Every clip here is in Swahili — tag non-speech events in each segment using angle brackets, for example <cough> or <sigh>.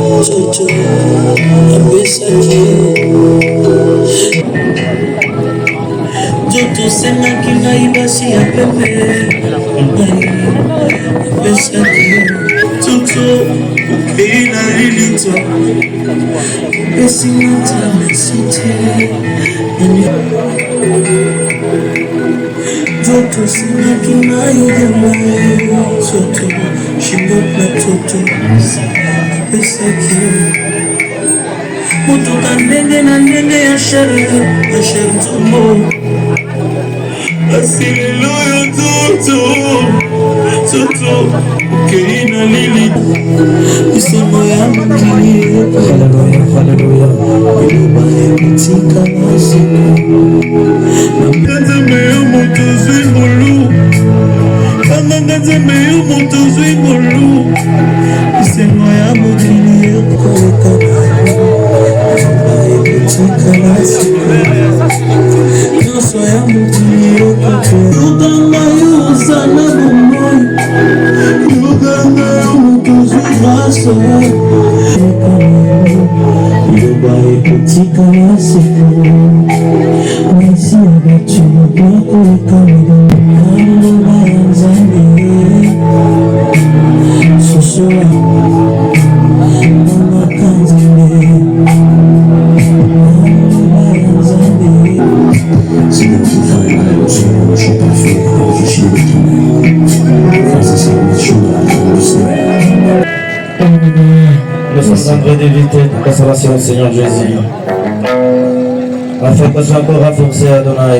knows what to do. I wish I knew. जो तुझसे ना कि नहीं बसी पे मैं wish I knew. Tutu in I really top. Missing my time is so tight. जो तुझसे ना कि नहीं जमा सोचो शिमला सोचो apesaki motuka ndenge na ndenge ya shere ya shere nzombo kasi lelo yo toto toto okei na lili lisano ya mokili aleluya eloba ekotika na soko nzambe yo moto zwi ngolu kanganga nzambe d'éviter de conservation, au Seigneur Jésus, afin que soit encore renforcé Adonai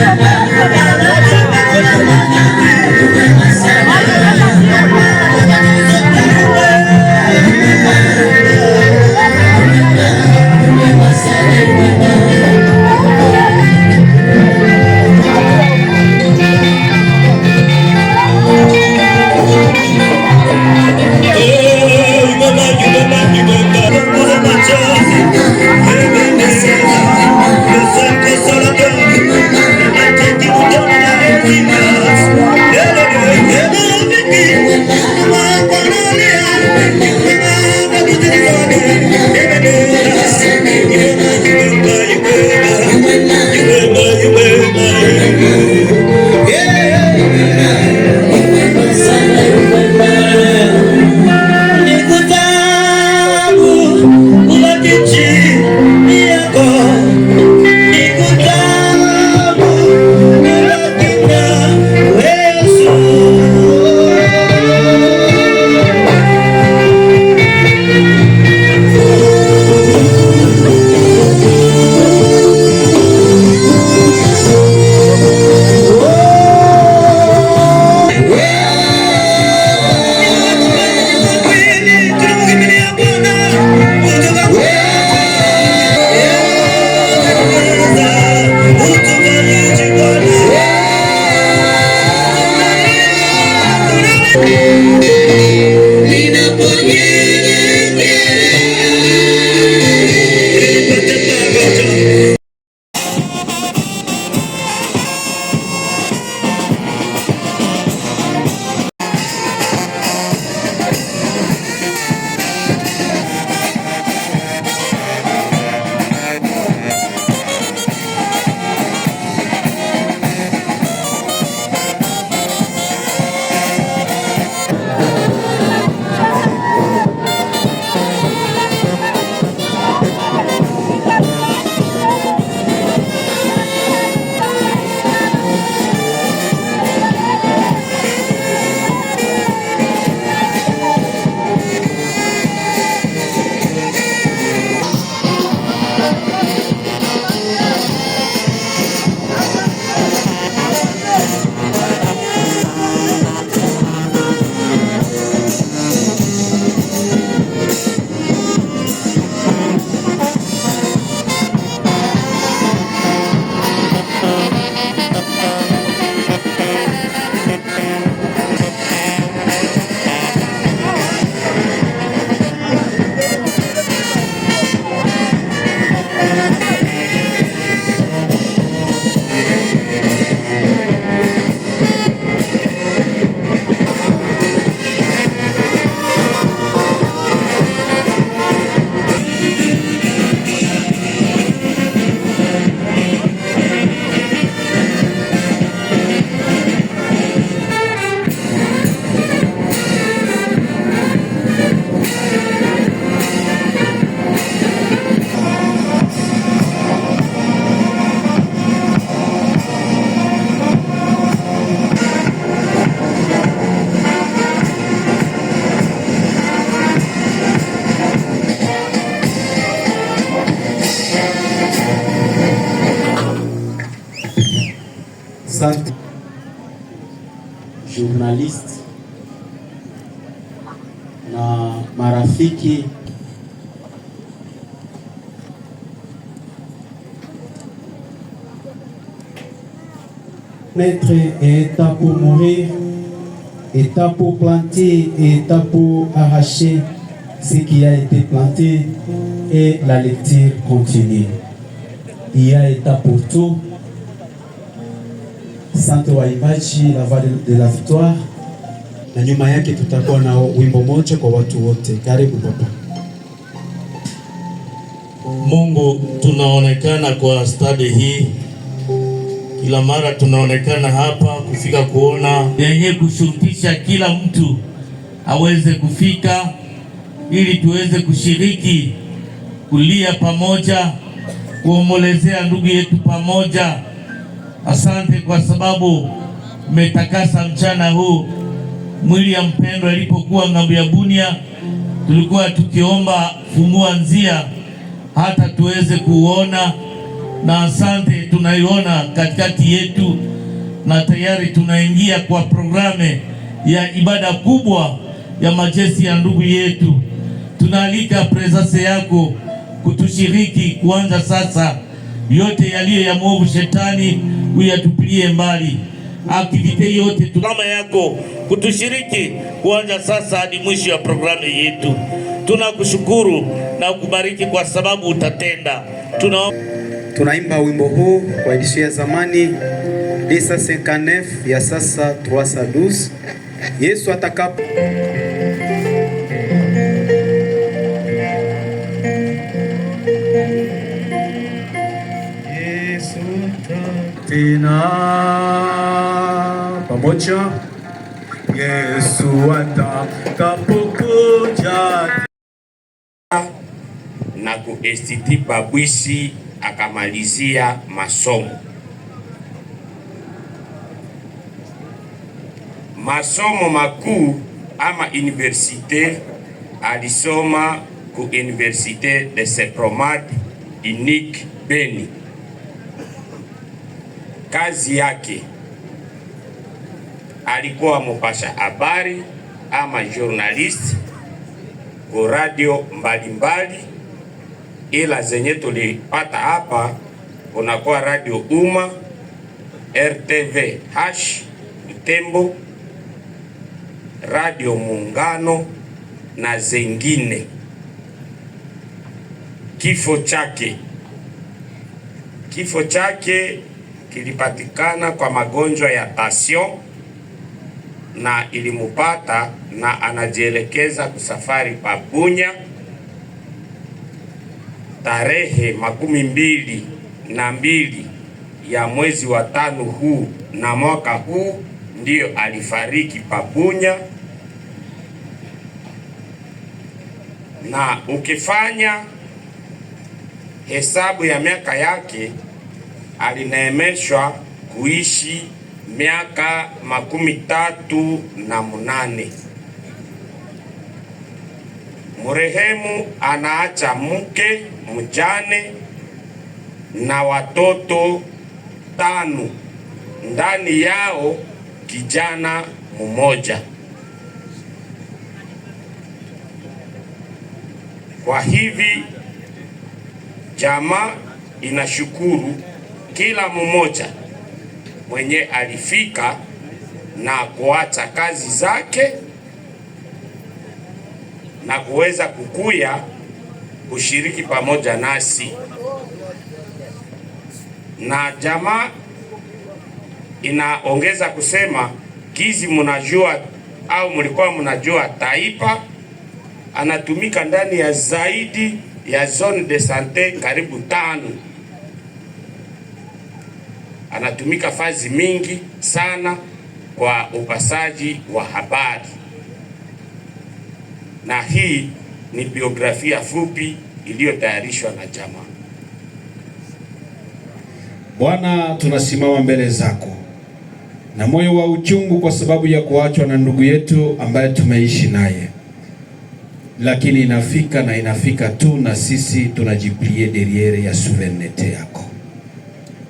Yeah. <laughs> Amen. Maître maître est pour mourir, à pour planter est à pour arracher ce qui a été planté et la lecture continue. Il y a état pour tout. Santo la voie de la victoire. na nyuma yake tutakuwa na wimbo moja kwa watu wote. Karibu baba. Mungu, tunaonekana kwa stadi hii, kila mara tunaonekana hapa kufika kuona yenye kushurutisha kila mtu aweze kufika ili tuweze kushiriki kulia pamoja, kuombolezea ndugu yetu pamoja. Asante kwa sababu umetakasa mchana huu mwili ya mpendwa ilipokuwa ng'ambo ya Bunia, tulikuwa tukiomba fungua nzia hata tuweze kuona, na asante, tunaiona katikati yetu, na tayari tunaingia kwa programe ya ibada kubwa ya majesi ya ndugu yetu. Tunaalika presence yako kutushiriki kuanza sasa. Yote yaliyo ya mwovu shetani uyatupilie mbali, aktivite yote, tulama yako kutushiriki kuanza sasa hadi mwisho ya programu yetu. Tunakushukuru na kubariki kwa sababu utatenda. Tuna tunaimba wimbo huu kwa edition ya zamani senkanef ya sasa 312 Yesu atakapo Yesu tena pamoja Yesu atakapokuja na kuestiti Babwisi akamalizia masomo masomo makuu ama universite. Alisoma ku universite de Diplomate unique Beni. Kazi yake alikuwa mupasha habari ama journalist kwa radio mbalimbali, ila zenye tulipata hapa kunakuwa radio Uma, RTV hash Butembo, radio Muungano na zengine. Kifo chake kifo chake kilipatikana kwa magonjwa ya passion na ilimupata na anajielekeza kusafari pa Bunya tarehe makumi mbili na mbili ya mwezi wa tano huu na mwaka huu ndiyo alifariki Pabunya. Na ukifanya hesabu ya miaka yake alineemeshwa kuishi miaka makumi tatu na munane. Murehemu anaacha muke mujane na watoto tano, ndani yao kijana mmoja. Kwa hivi jamaa inashukuru kila mmoja mwenye alifika na kuacha kazi zake na kuweza kukuya kushiriki pamoja nasi, na jamaa inaongeza kusema Kizi, mnajua au mlikuwa mnajua Taipa anatumika ndani ya zaidi ya zone de sante karibu tano anatumika fazi mingi sana kwa upasaji wa habari, na hii ni biografia fupi iliyotayarishwa na chama. Bwana, tunasimama mbele zako na moyo wa uchungu kwa sababu ya kuachwa na ndugu yetu ambaye tumeishi naye, lakini inafika na inafika tu, na sisi tunajiplie deriere ya souverainete yako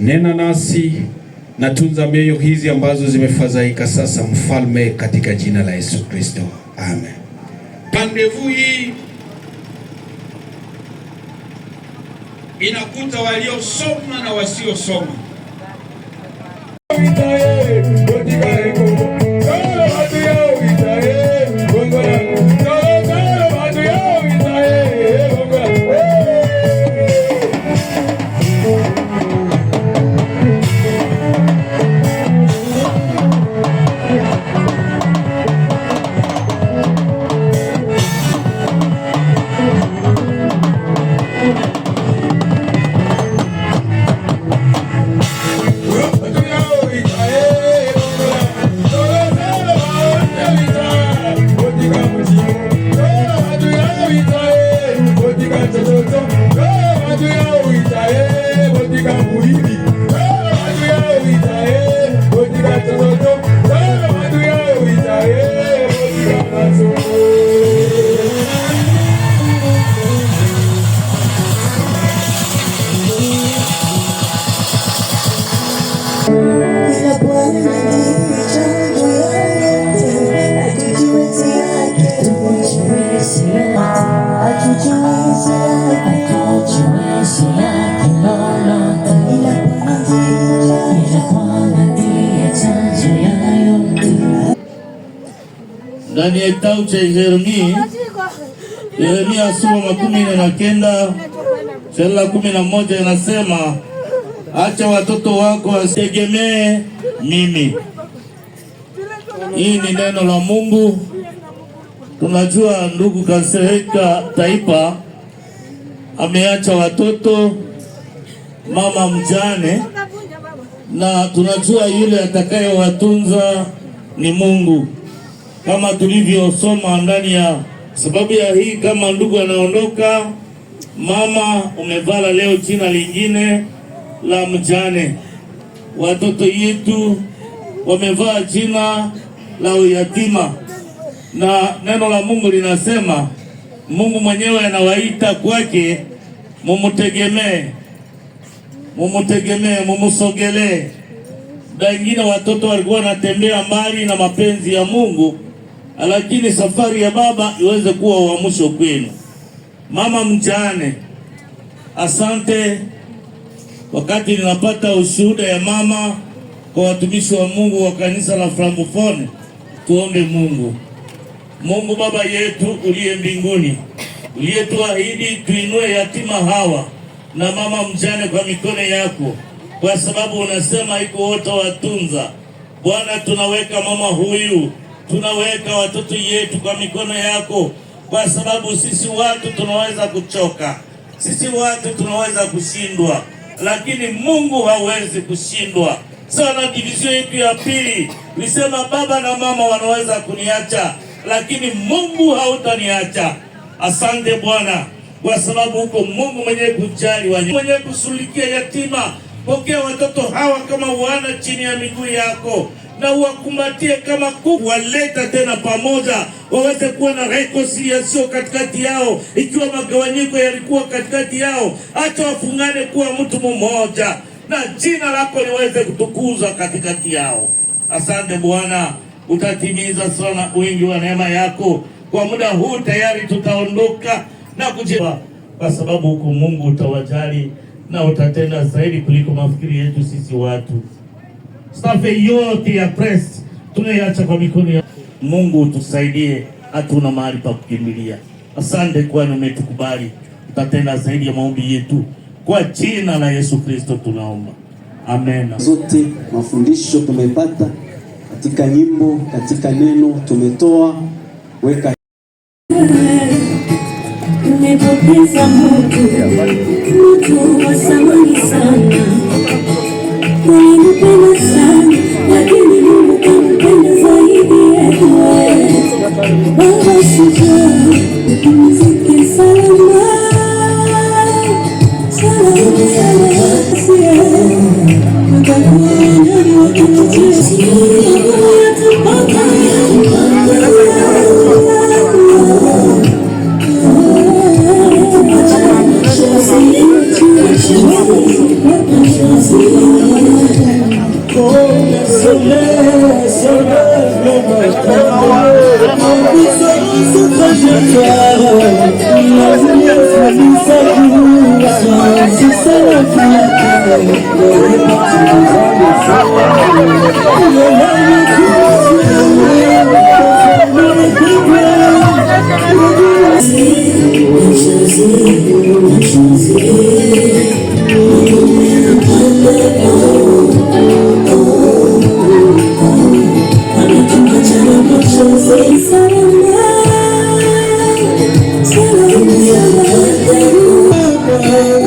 nena nasi na tunza mioyo hizi ambazo zimefadhaika sasa, mfalme, katika jina la Yesu Kristo, amen. Pandevu hii inakuta waliosoma na wasiosoma kwenye kitabu cha Yeremia, Yeremia sura kumi makumi na kenda sura kumi na moja inasema acha watoto wako wasitegemee mimi. Hii ni neno la Mungu. Tunajua ndugu Kasereka Taipa ameacha watoto, mama mjane, na tunajua yule atakayewatunza ni Mungu kama tulivyosoma ndani ya sababu ya hii. Kama ndugu anaondoka, mama umevala leo jina lingine la mjane, watoto yetu wamevaa jina la uyatima, na neno la Mungu linasema Mungu mwenyewe anawaita kwake, mumutegemee, mumutegemee, mumusogelee. Da ingine watoto walikuwa wanatembea mbali na mapenzi ya Mungu lakini safari ya baba iweze kuwa mwisho kwenu. Mama mjane, asante. Wakati ninapata ushuhuda ya mama kwa watumishi wa Mungu wa kanisa la Francophonie, tuombe Mungu. Mungu Baba yetu uliye mbinguni, uliyetuahidi tuinue yatima hawa na mama mjane kwa mikono yako, kwa sababu unasema iko wote watunza. Bwana, tunaweka mama huyu tunaweka watoto yetu kwa mikono yako, kwa sababu sisi watu tunaweza kuchoka, sisi watu tunaweza kushindwa, lakini Mungu hawezi kushindwa. Sana divizio yetu ya pili nisema baba na mama wanaweza kuniacha, lakini Mungu hautaniacha. Asante Bwana, kwa sababu huko Mungu mwenye kujali wanyonge, mwenye kusulikia yatima. Pokea watoto hawa kama wana chini ya miguu yako na uwakumbatie kama kuku, waleta tena pamoja, waweze kuwa na reconciliation katikati yao. Ikiwa magawanyiko yalikuwa katikati yao, acha wafungane kuwa mtu mmoja, na jina lako liweze kutukuzwa katikati yao. Asante Bwana, utatimiza sana wingi wa neema yako. Kwa muda huu tayari tutaondoka na kujiwa, kwa sababu huku Mungu utawajali na utatenda zaidi kuliko mafikiri yetu sisi watu safi yote ya press tunaiacha kwa mikono ya Mungu. Tusaidie, hatuna mahali pa kukimbilia. Asante kwani umetukubali, tutatenda zaidi ya maombi yetu kwa jina la Yesu Kristo tunaomba, amen. Zote mafundisho tumepata katika nyimbo, katika neno tumetoa weka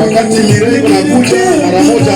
Wakati mirema kuja mara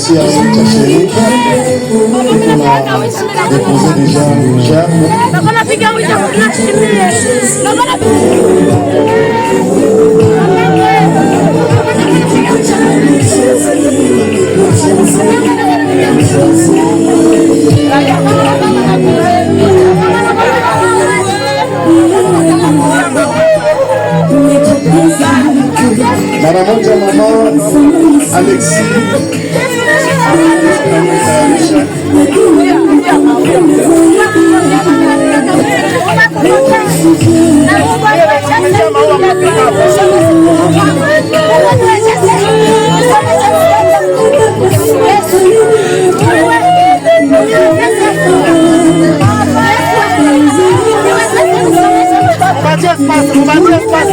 remercier Aline Tchacheli qui nous a déposé déjà une gerbe. Para moja mama Alex Thank you. Bajet pas, după acest pas.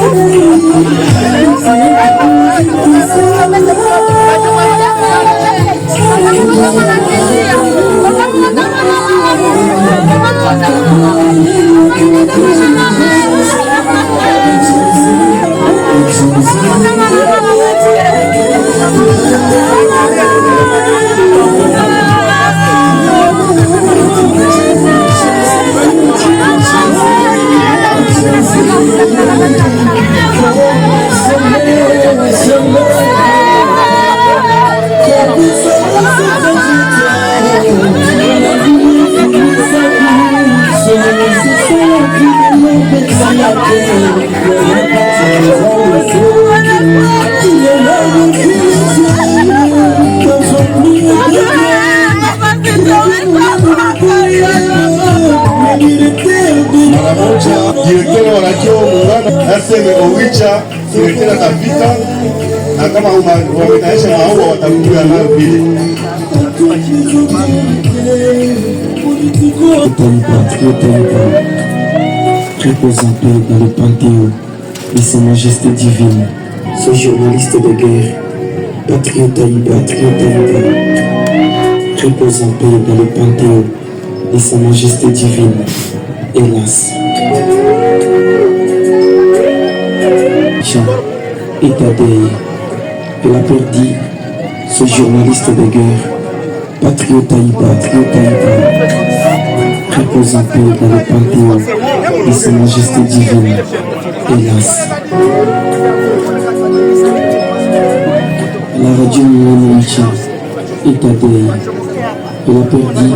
matarajio muungano naseme dans le panthéon de sa majesté divine. ce journaliste de guerre, patriote de patriote le panthéon de sa majesté divine, hélas. réaction est Adeye. Elle a perdu ce journaliste de guerre, Patriote Aïba, Patriote Aïba, repose en paix dans le panthéon de Sa Majesté divine, hélas. La radio Milano est Adeye. Elle a perdu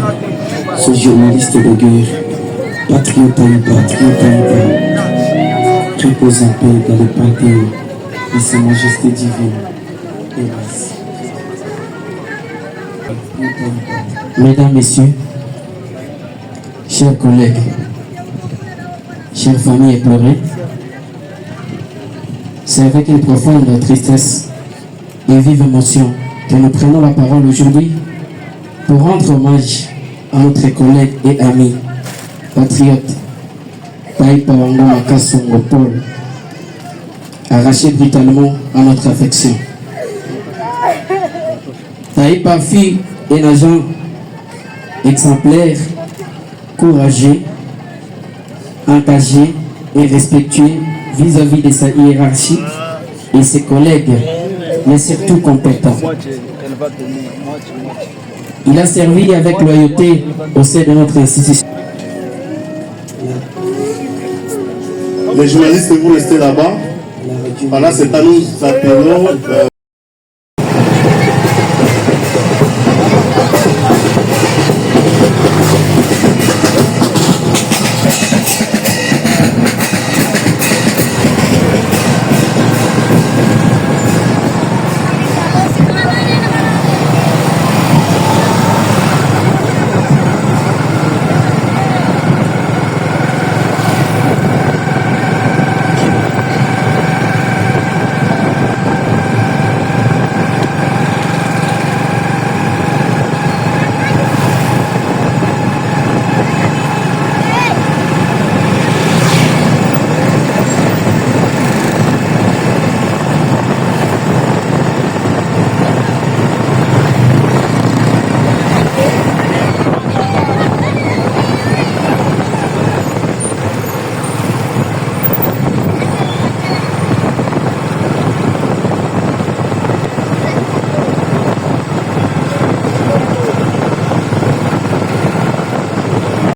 ce journaliste de guerre, Patriote Aïba, Patriote je pose en paix dans le panthéon de sa majesté divine. Mesdames, Messieurs, chers collègues, chères familles éplorées, c'est avec une profonde tristesse et vive émotion que nous prenons la parole aujourd'hui pour rendre hommage à notre collègue et ami, patriote Taïta Wangoma Paul, arraché brutalement à notre affection. Taïpa fille un agent exemplaire, courageux, engagé et respectueux vis-à-vis -vis de sa hiérarchie et ses collègues, mais surtout compétent. Il a servi avec loyauté au sein de notre institution. Les journalistes, vous restez là-bas. Voilà, c'est à nous appelons. Euh,